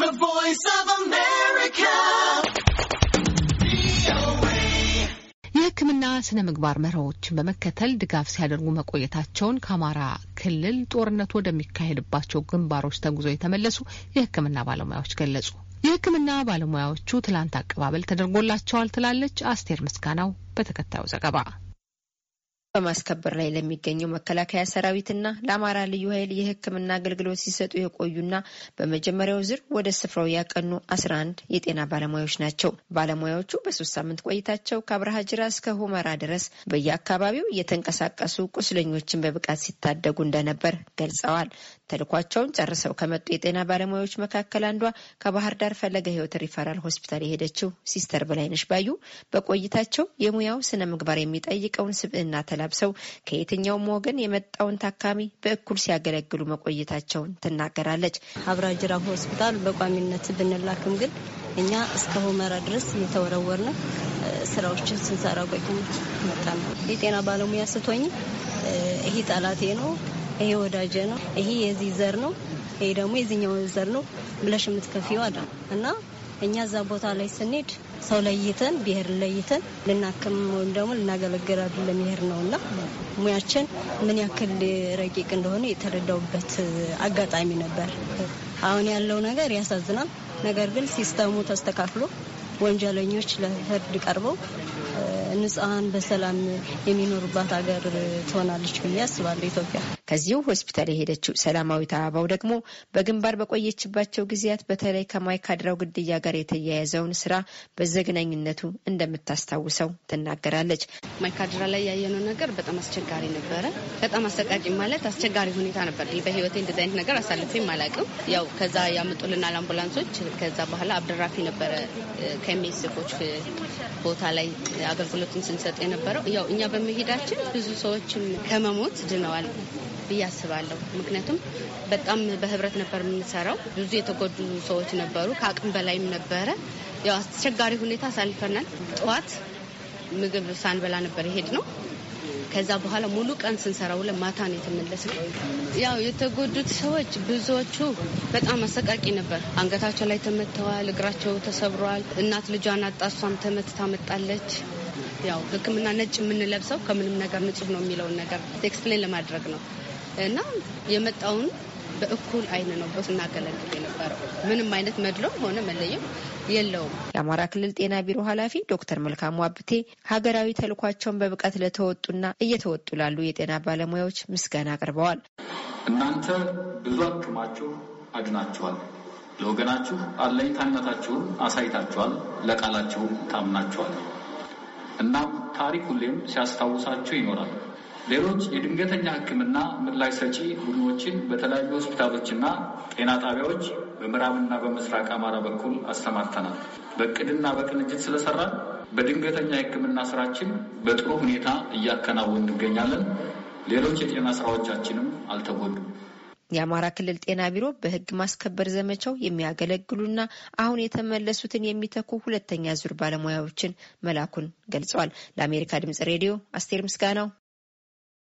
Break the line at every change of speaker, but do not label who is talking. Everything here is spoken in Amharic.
The Voice of America.
የሕክምና ስነ ምግባር መርሆዎችን በመከተል ድጋፍ ሲያደርጉ መቆየታቸውን ከአማራ ክልል ጦርነቱ ወደሚካሄድባቸው ግንባሮች ተጉዞ የተመለሱ የሕክምና ባለሙያዎች ገለጹ። የሕክምና ባለሙያዎቹ ትላንት አቀባበል ተደርጎላቸዋል ትላለች አስቴር ምስጋናው በተከታዩ ዘገባ በማስከበር ላይ ለሚገኘው መከላከያ
ሰራዊትና ለአማራ ልዩ ኃይል የሕክምና አገልግሎት ሲሰጡ የቆዩና በመጀመሪያው ዝር ወደ ስፍራው ያቀኑ አስራ አንድ የጤና ባለሙያዎች ናቸው። ባለሙያዎቹ በሶስት ሳምንት ቆይታቸው ከአብርሃ ጅራ እስከ ሁመራ ድረስ በየአካባቢው እየተንቀሳቀሱ ቁስለኞችን በብቃት ሲታደጉ እንደነበር ገልጸዋል። ተልኳቸውን ጨርሰው ከመጡ የጤና ባለሙያዎች መካከል አንዷ ከባህር ዳር ፈለገ ህይወት ሪፈራል ሆስፒታል የሄደችው ሲስተር በላይነሽ ባዩ በቆይታቸው የሙያው ስነ ምግባር የሚጠይቀውን ስብዕና ተላ ለብሰው ከየትኛውም ወገን የመጣውን
ታካሚ በእኩል ሲያገለግሉ መቆየታቸውን ትናገራለች። አብራጅራ ሆስፒታል በቋሚነት ብንላክም ግን እኛ እስከ ሁመራ ድረስ እየተወረወርን ስራዎችን ስንሰራ ቆይተናል። መጣ ነው የጤና ባለሙያ ስቶኝ ይሄ ጠላቴ ነው፣ ይሄ ወዳጄ ነው፣ ይሄ የዚህ ዘር ነው፣ ይሄ ደግሞ የዚህኛው ዘር ነው ብለሽ የምትከፊው አለ እና እኛ እዛ ቦታ ላይ ስንሄድ ሰው ለይተን ብሄር ለይተን ልናክም ወይም ደግሞ ልናገለግል አይደለም ይሄድ ነው እና ሙያችን ምን ያክል ረቂቅ እንደሆነ የተረዳውበት አጋጣሚ ነበር። አሁን ያለው ነገር ያሳዝናል። ነገር ግን ሲስተሙ ተስተካክሎ ወንጀለኞች ለፍርድ ቀርበው ንጹሐን በሰላም የሚኖሩባት ሀገር ትሆናለች ብዬ አስባለሁ ኢትዮጵያ።
ከዚሁ ሆስፒታል የሄደችው ሰላማዊት አበባው ደግሞ በግንባር በቆየችባቸው ጊዜያት በተለይ ከማይካድራው ግድያ ጋር የተያያዘውን ስራ በዘግናኝነቱ እንደምታስታውሰው
ትናገራለች። ማይካድራ ላይ ያየነው ነገር በጣም አስቸጋሪ ነበረ። በጣም አሰቃቂ ማለት አስቸጋሪ ሁኔታ ነበር። በህይወቴ እንደዚህ አይነት ነገር አሳልፌም አላውቅም። ያው ከዛ ያመጡልናል አምቡላንሶች። ከዛ በኋላ አብድራፊ ነበረ ከሚስኮች ቦታ ላይ አገልግሎትን ስንሰጥ የነበረው። ያው እኛ በመሄዳችን ብዙ ሰዎችም ከመሞት ድነዋል። ብዬ አስባለሁ። ምክንያቱም በጣም በህብረት ነበር የምንሰራው። ብዙ የተጎዱ ሰዎች ነበሩ፣ ከአቅም በላይም ነበረ። ያው አስቸጋሪ ሁኔታ አሳልፈናል። ጠዋት ምግብ ሳንበላ ነበር የሄድ ነው። ከዛ በኋላ ሙሉ ቀን ስንሰራ ውለን ማታ ነው የተመለስነው። ያው የተጎዱት ሰዎች ብዙዎቹ በጣም አሰቃቂ ነበር። አንገታቸው ላይ ተመትተዋል፣ እግራቸው ተሰብረዋል። እናት ልጇን አጣ፣ እሷም ተመትታ መጣለች። ያው ሕክምና ነጭ የምንለብሰው ከምንም ነገር ንጹህ ነው የሚለውን ነገር ኤክስፕሌን ለማድረግ ነው። እና የመጣውን በእኩል አይን ነው ስናገለግል የነበረው። ምንም አይነት መድሎ ሆነ መለየም የለውም።
የአማራ ክልል ጤና ቢሮ ኃላፊ ዶክተር መልካሙ አብቴ ሀገራዊ ተልኳቸውን በብቃት ለተወጡና እየተወጡ ላሉ የጤና ባለሙያዎች ምስጋና አቅርበዋል።
እናንተ ብዙ አክማችሁ አድናችኋል። ለወገናችሁ አለኝታነታችሁን አሳይታችኋል። ለቃላችሁም ታምናችኋል። እናም ታሪክ ሁሌም ሲያስታውሳችሁ ይኖራል። ሌሎች የድንገተኛ ሕክምና ምላሽ ሰጪ ቡድኖችን በተለያዩ ሆስፒታሎችና ጤና ጣቢያዎች በምዕራብና በምስራቅ አማራ በኩል አሰማርተናል። በእቅድና በቅንጅት ስለሰራን በድንገተኛ የሕክምና ስራችን በጥሩ ሁኔታ እያከናወን እንገኛለን። ሌሎች የጤና ስራዎቻችንም አልተጎዱም።
የአማራ ክልል ጤና ቢሮ በህግ ማስከበር ዘመቻው የሚያገለግሉና አሁን የተመለሱትን የሚተኩ ሁለተኛ ዙር ባለሙያዎችን መላኩን ገልጿል። ለአሜሪካ ድምጽ ሬዲዮ አስቴር ምስጋናው